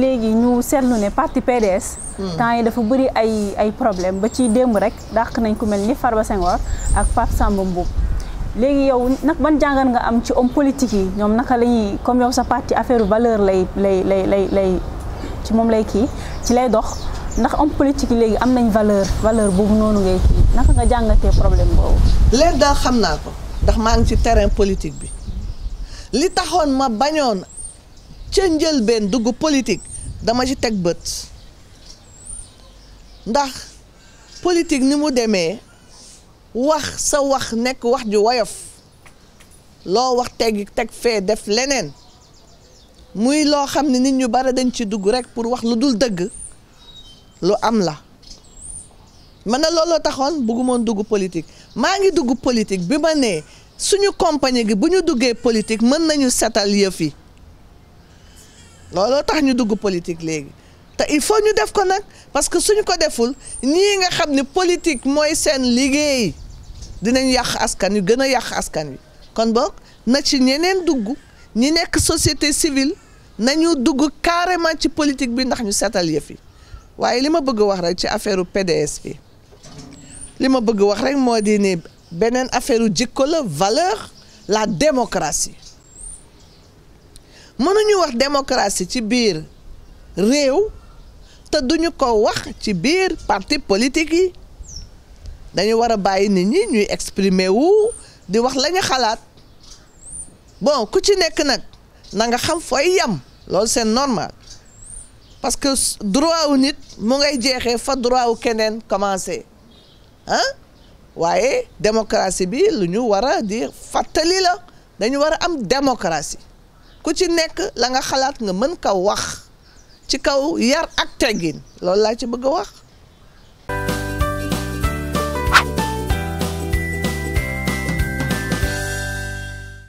léegi ñu seetlu ne parti PDS hmm. temps yi dafa bëri ay ay problème ba ci démb rek dàq nañ ku mel ni Farba Senghor ak Pape Samba Mboup léegi yow nag ban jàngat nga am ci homme politique yi ñoom naka la ñuy comme yow sa affaire valeur lay lay lay lay lay ci moom lay kii ci lay dox ndax homme politique léegi am nañ valeur valeur boobu noonu ngay kii nga jàngatee problème boobu leen daal xam naa ko ndax maa ngi ci terrain politique bi li taxoon ma bañoon ca njëlbeen dugg politique dama ci teg bët ndax politique ni mu demee wax sa wax nekk wax ju woyof loo wax teg teg fee def leneen muy loo xam ne nit ñu bare dañ ci dugg rek pour wax lu dul dëgg lu am la mën na looloo taxoon bëggumoon dugg politique maa ngi dugg politique bi ma nee suñu compagnie gi bu ñu duggee politique mën nañu setal yëf looloo tax ñu dugg politique léegi te il faut ñu def ko nag parce que suñ ko deful ñii nga xam ni politique mooy seen liggéey dinañ yàq askan wi gën a yàq askan wi kon boog na ci ñeneen dugg ñi nekk société civile nañu dugg carrément ci politique bi ndax ñu seetal yëf yi waaye li ma bëgg wax rek ci affaire PDS bi li ma bëgg wax rek moo di ne beneen affaire jikko la valeur la démocratie mënuñu wax démocratie ci biir réew te duñu ko wax ci biir parti politique yi dañu war a bàyyi nit ñi ñuy exprimer wu di wax la ñu xalaat bon ku ci nekk nag na nga xam fooy yam loolu seen normal parce que droit wu nit mu ngay jeexee fa droit wu keneen commencé ah waaye démocratie bi lu ñu war a di fàttali la dañu war a am démocratie ku ci nekk la nga xalaat nga mën ka wax ci kaw yar ak teggin loolu laa ci bëgg a wax